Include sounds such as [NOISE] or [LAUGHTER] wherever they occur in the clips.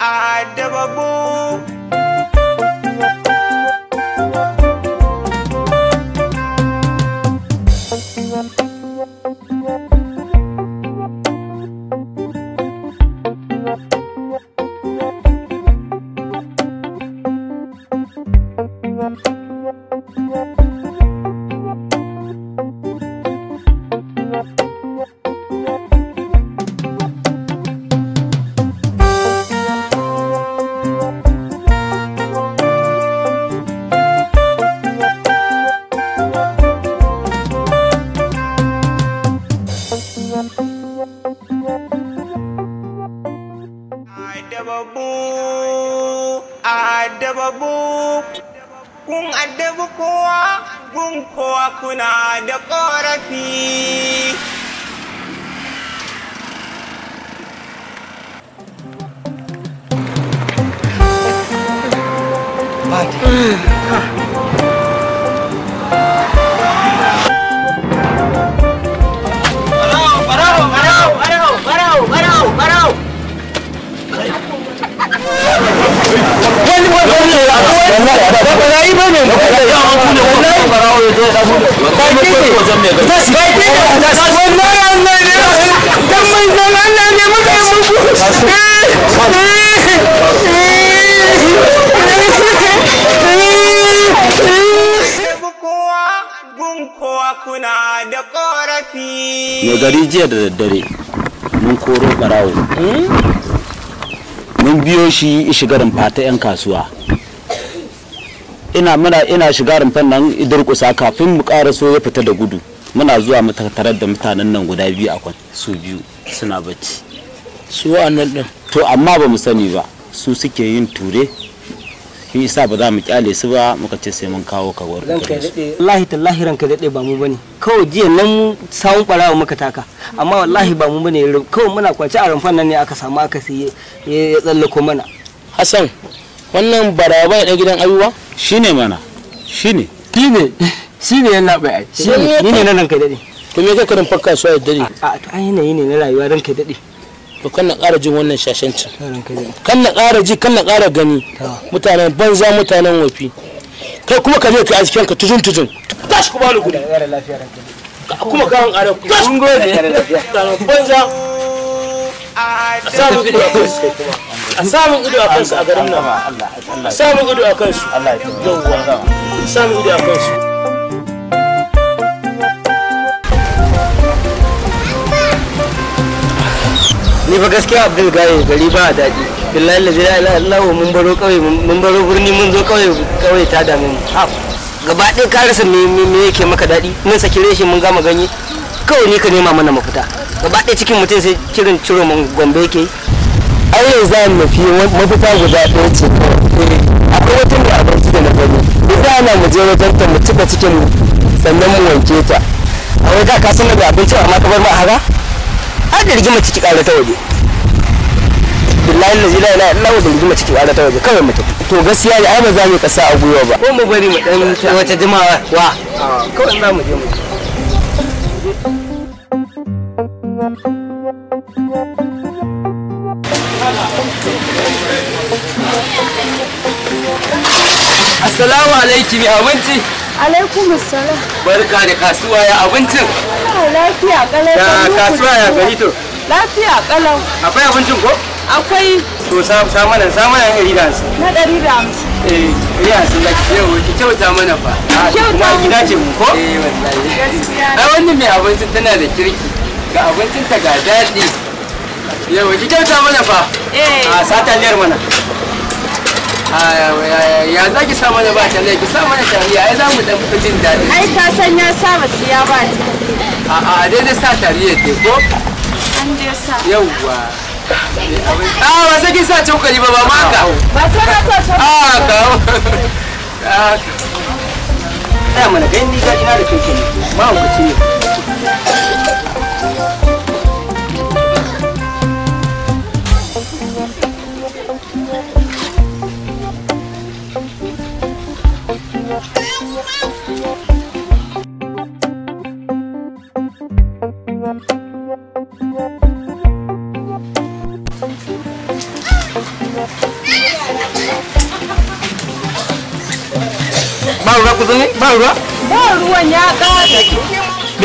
I never move. dubun kowa kuna da ƙorafi Bye. mai gari jiya da daddare mun koro barawo mun biyo shi shigarin fata 'yan kasuwa ina muna ina shiga rumfan nan idurkusa kafin mu so ya fita da gudu muna zuwa mu tattarar da mutanen nan guda biyu a kwan su biyu suna bacci su wa'annan din to amma ba mu sani ba su suke yin ture shi yasa ba za mu kyale su ba muka ce sai mun kawo ka warka ranka dade wallahi tallahi ranka dade ba mu bane kawai jiya nan samun barawa muka taka amma wallahi ba mu bane kawai muna kwance a rumfan nan ne aka samu aka siye ya tsallako mana hasan. wannan barabai na gidan ayuwa shine mana shine shine ne yana bai shine ni ne nan ranka dade to me ka karin fakka su ya dade a to an yanayi ne na rayuwa ranka dade to kan na ƙara jin wannan shashanci kan na ƙara ji kan na ƙara gani mutanen banza mutanen wafi kai kuma ka je ka cikin ka tujun tujun tashi kuma lugu da kuma kan ƙara tashi banza a samun ido a kansu a samun ido a kansu a garin nan samun a kansu samun ido a kansu ni fa gaskiya abdul gaye gari ba a daɗi billahi la ilaha illallah mun baro kauye mun baro birni mun zo kauye ta dame mu gaba ɗaya ka rasa me yake maka daɗi mun saki reshe mun gama ganye kawai ne ka nema mana mafita gaba ɗaya cikin mutum sai kirin ciro mun gombe yake ai yanzu za mu fi mafita guda ɗaya ce eh, akwai wata mai abinci da na gani za ana mu je wajen ta mu cika cikin sannan mu wanke ta a wai da ka sanar da abinci amma ka bar ma haka har da rigima ciki ƙara ta waje billahi lazi la ilaha illa huwa rigima ciki ƙara ta waje kawai mu tafi to gaskiya da ai ba za mu kasa a gwiwa ba ko mu bari mu dan wata jimawa wa kawai za mu je mu Thank you. Assalamu alaikum ya abinci. Alaikum assalam. Barka da kasuwa ya abincin. Ah, lafiya kalau. Da kasuwa ya gari to. Lafiya kalau. Akwai abincin ko? Akwai. To sa mana sa mana ɗari da hamsin. Na ɗari da hamsin. Eh, ɗari sun da yau ki kyauta mana fa. Kyauta. Kuma gida ce mu ko? Eh wallahi. Ai wannan mai abincin tana da kirki. ga abincin ta ga daɗi yau ki kyauta mana fa eh. a sata liyar mana ya za ki sa mana ba tare ki sa mana tariya ai za mu dan fi jin daɗi ai ka san ya saba siya ba ta a a dai sa tariya ke ko an dai sa yauwa a ba sai kin sa cokali ba ba ma ka ba sai na sa cokali Ah, ka ta mana gani ga ina da kanki ma hukaci ne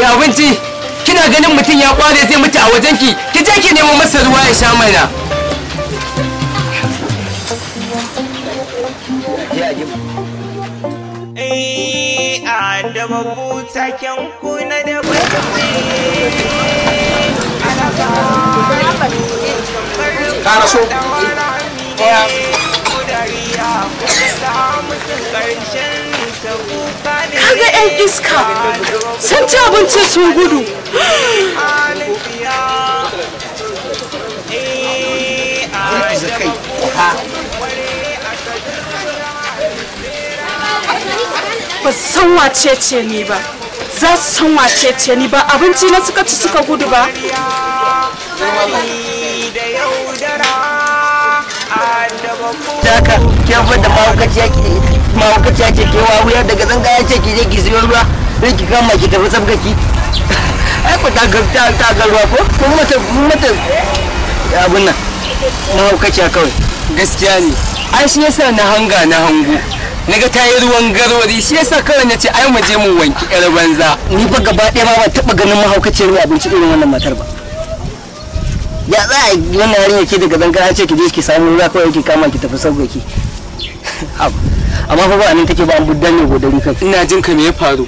abinci kina ganin mutum ya kware zai mutu a wajenki ki je ki nemo masa ruwa ya sha mana Yeah. kaga yan iska sun ci abinci sun gudu ba san wace ce ni ba za su san wace ce ni ba abinci na suka ci suka gudu ba Daka, kyan fata ba wuka yaki da mahaukaciya ce ke wa wuya daga zanga ya ce ki je ki siyo ruwa sai ki kama ki tafi sabgaki [LAUGHS] ai ku ta ga ruwa ko ko mata mata abun nan mahaukaciya kawai gaskiya ne ai shi yasa na hanga na hango na ga tayi ruwan garwari shi yasa kawai na ce ai mu je mu wanki yar banza ni ba gaba ɗaya ma ban taɓa ganin mahaukaciyar mai abinci irin wannan matar ba ya za a wannan yarinya ke daga zanga zangara ce ki je ki samu ruwa kawai ki kama ki tafi sauƙaƙi [LAUGHS] amma fa ba nan take ba an buddan ne godari kai ina jin ka me ya faru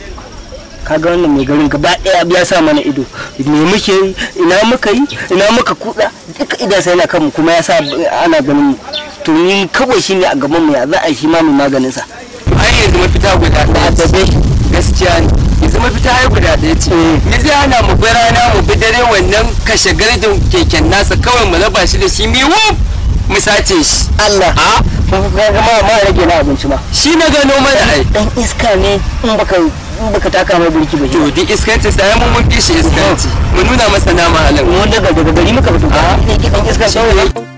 kaga wannan mai garin gaba daya ya sa mana ido me muke yi ina muka yi ina muka kuda duka idan sai na kanmu kuma ya sa ana ganin mu to ni kawai shine a gaban mu ya za a shi ma mai maganin sa ai yanzu mafita guda da tabe gaskiya ne yanzu mafita ai guda da ce eh. ni zai ana mu bi rana mu bi dare wannan kashe garjin keken nasa kawai mu raba shi da shi mi wuf! mu sace shi Allah ah? ma ma rage na abinci ma shi na gano mana ai dan iska ne in baka in baka taka mai burki ba to di iskanci sai mun mun kishi iskanci mun nuna masa nama halin mun daga daga gari muka fito a dan iskanci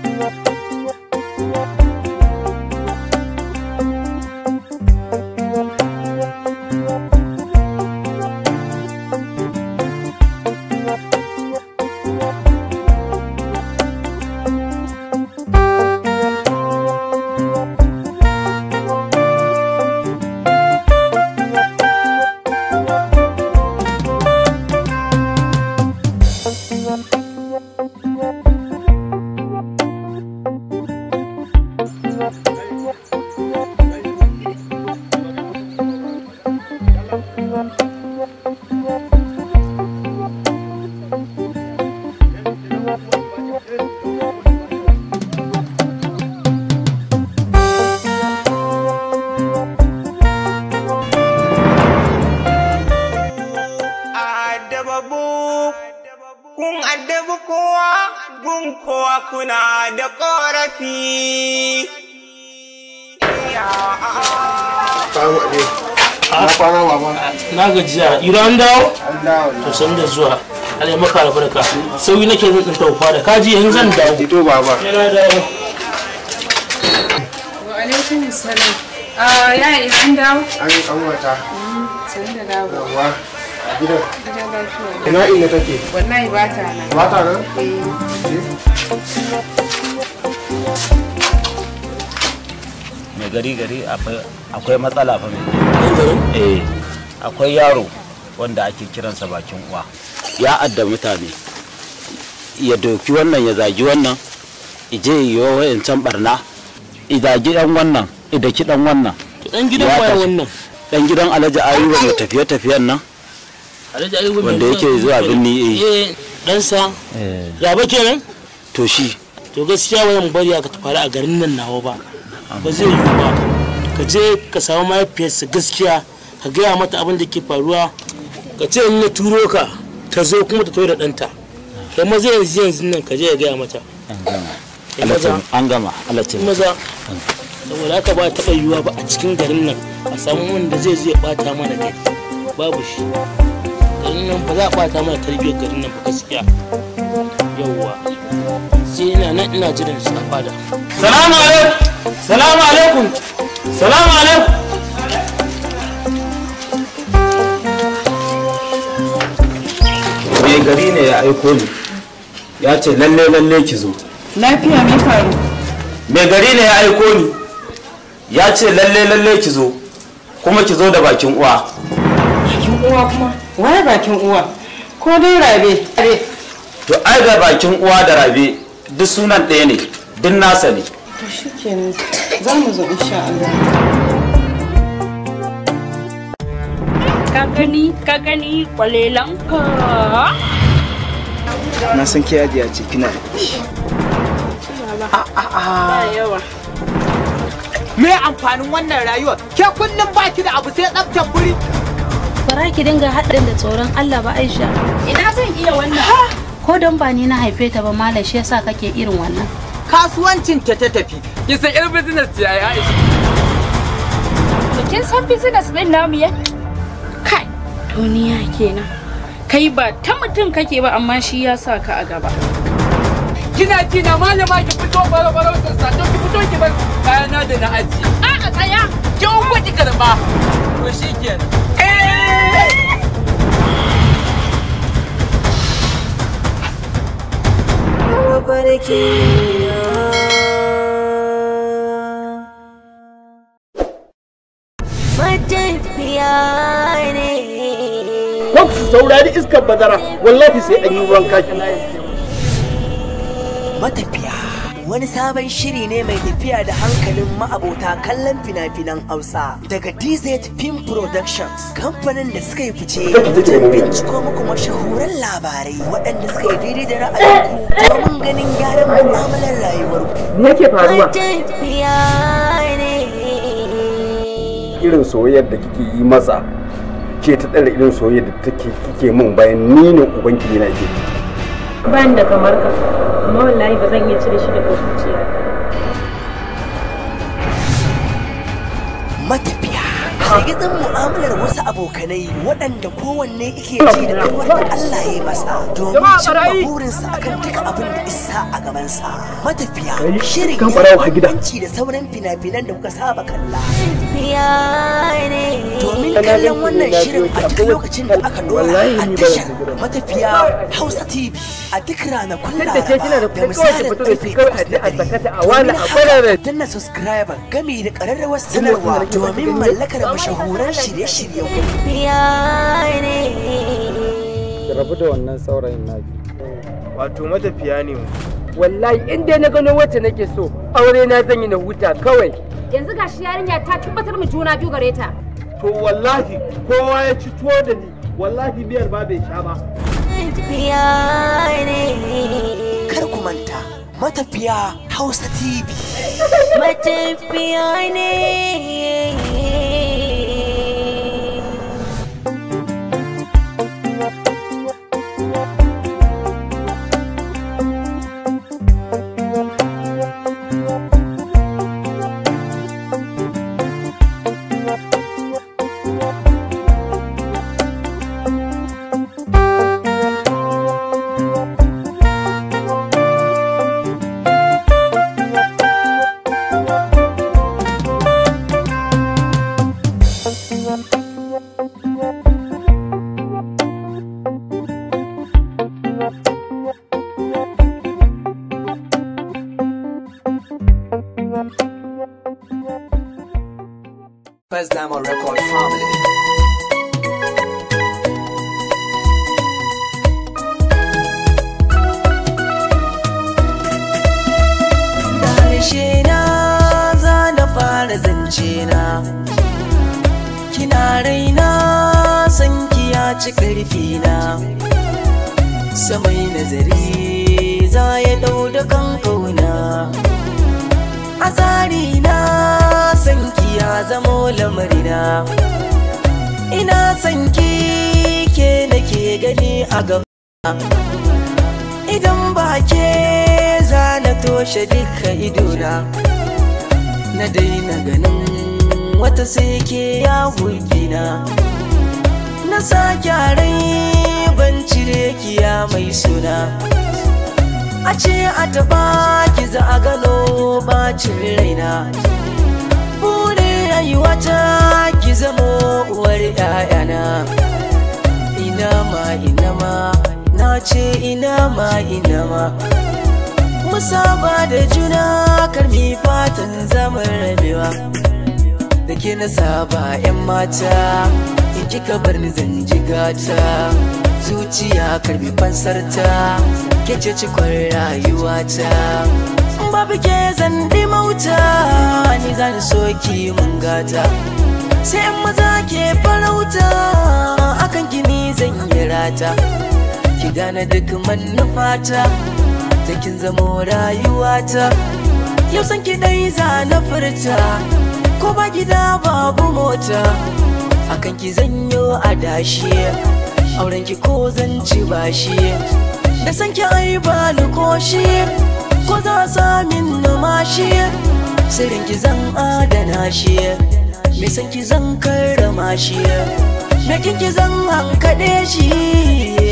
na gajiya ira an dawo to san da zuwa alai maka ka sauyi nake zan tsinta ufa da kaji yanzu zan dawo to yana dawo wa alaikum salam ah, ya dawo an mm, da dawo ina take wallahi ba ta nan ba ta nan eh. gari gari akwai matsala fa mai gari eh akwai yaro wanda ake kiransa bakin uwa ya adda mutane ya doki wannan ya zagi wannan ije yiwo wayancan barna idagi dan wannan idaki dan wannan dan gidan waya wannan dan gidan alhaji ayuba mai tafiye tafiyen nan alhaji ayuba wanda yake zuwa binni eh dan eh, sa raba eh. kenan to shi to gaskiya wannan bari aka faru a garin nan nawa ba ba zai yi ba ka je ka samu mahaifiyarsa gaskiya ka gaya mata abin da ke faruwa ka ce in na turo ka ta zo kuma ta da ɗanta kai maza yanzu yanzu nan ka je ya gaya mata an gama alatin maza saboda haka ba taɓa yiwuwa ba a cikin garin nan a samu wanda zai zai bata mana gari babu shi garin nan ba za a bata mana tarbiyyar garin nan ba gaskiya yawwa sai ina nan ina jiran su a fada salamu alaikum salamu alaikum salamu alaikum mai gari ne ya aiko ni ya ce lalle lalle ki zo lafiya mai faru mai gari ne ya aiko ni ya ce lalle lalle ki zo kuma ki zo da bakin uwa bakin uwa kuma waye bakin uwa ko dai rabe to ai da bakin uwa da rabe duk sunan ɗaya ne duk nasa ne to shikenan za mu zo insha Allah ka gani ka gani kwalelan ka na san ke ajiya ce kina a a a me amfanin wannan rayuwar ke kullum baki da abu sai tsaftan buri bara ki dinga haɗin da tsoron Allah ba Aisha ina zan iya wannan ko don ba ni na haife ta ba malam shi yasa kake irin wannan kasuwancin ta ta tafi ki san irin business ya yi Aisha kin san business din namu yake duniya kenan kai ba ta mutum kake ba amma shi ya sa ka a gaba kina kina malama ki fito baro baro sassato ki fito ki bar kayana da na aji a a tsaya ki ungo ki karba to shikenan eh saurari iskar bazara wallahi sai an yi ruwan kaki matafiya wani sabon shiri ne mai tafiya da hankalin ma'abota kallon fina-finan hausa daga dz film productions kamfanin da suka yi fice wajen binciko muku mashahuran labarai waɗanda suka yi daidai da ra'ayinku domin ganin gyaran mu'amalar rayuwarku me ke faruwa irin soyayyar da kike yi masa ce ta tsare irin soyayya da take kike mun bayan ni ne ubangiji na ke ban da kamar ka amma wallahi ba zan iya cire shi daga zuciya matafi shigidin mu'amalar wasu abokanai waɗanda kowanne ike ji da ɗanwar da Allah ya masa domin cimma burinsa akan duka abin da isa a gabansa matafiya shirin yanci da sauran fina-finan da kuka saba kalla domin kallon wannan shirin a duk lokacin da aka dora a tashar matafiya hausa tv a duk ranakun laraba da misalin ƙarfe takwas na dare domin haka danna subscriber gami da ƙararrawar sanarwa domin mallakar mashahuran shirye-shiryen Ki rabu da wannan saurayin naki. Wato matafiya ne mu. Wallahi inda na gano wacce nake so aure na zan yi na huta kawai. Yanzu gashi yarinya ta tabbatar mu juna biyu gare ta. To wallahi kowa ya ci tuwo da ni wallahi biyar ba bai sha ba. Kar ku manta matafiya Hausa TV. Matafiya ne. first diamond record family. fara zance na kina raina san kiya ci karfi na samai nazari za ya dau da kan kauna a tsari na san ya zamo lamarina ina son ki ke nake gani a gaba idan ba ke za na toshe duka idona na daina ganin wata sai ke ya hulgina na sa rai ban cire kiya mai suna a ce a taba ki za a gano bacin raina wata ki zamo uwar ‘ya'yana ina ma ina ma na ce ina ma ina ma musaba da juna karmi fatan zaman rabewa da ke na saba ‘yan mata in kika bar ni zan ji gata zuciya karbi fansarta ke ce cikon rayuwata bike zandi mauta ni zan soki mun gata sai in maza ke farauta akan gini zan yi rata ki gane duk manufata ta kin zamo rayuwata yau san ki dai za na furta ko ba gida babu mota akan ki zanyo adashi auren ki ko zan ci bashi da san ki ai ba ni koshi ko za samin numashi sirin ki zan adana shi me san ki zan karrama shi me kin ki zan hankade shi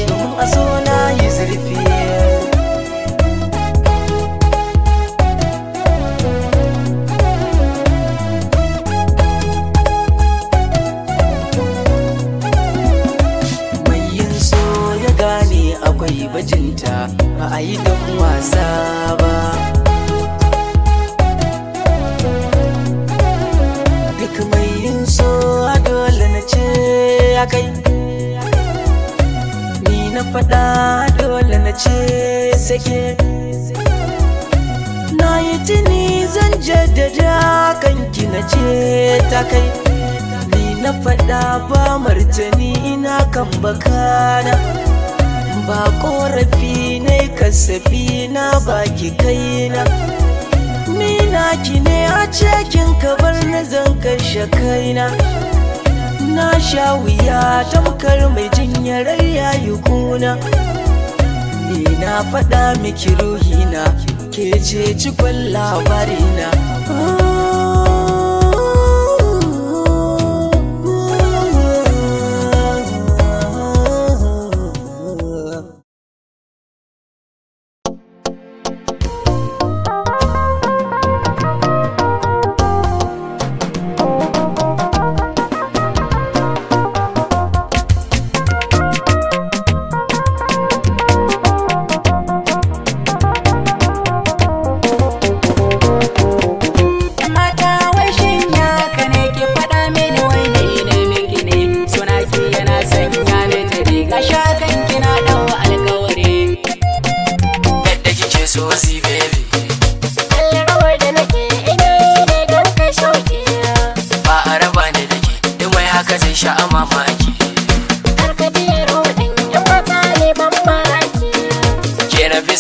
domin a so na yi zurfi yi bajinta ba a yi don wasa ba duk mai yin so a dole na ce ya kai ni na faɗa dole na ce sake na yi tuni zan jaddada kanki na ce ta kai ni na faɗa ba martani ina kan bakana ba korafi ne kasafi na baki kaina ni ki ne a cikin kabar na zan kashe kaina na sha wuya tamkar mai jinyar yayi kuna ni na faɗa miki ruhina ke ce cikon labarina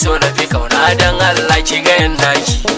so da fi kauna don Allah ki ga yan naki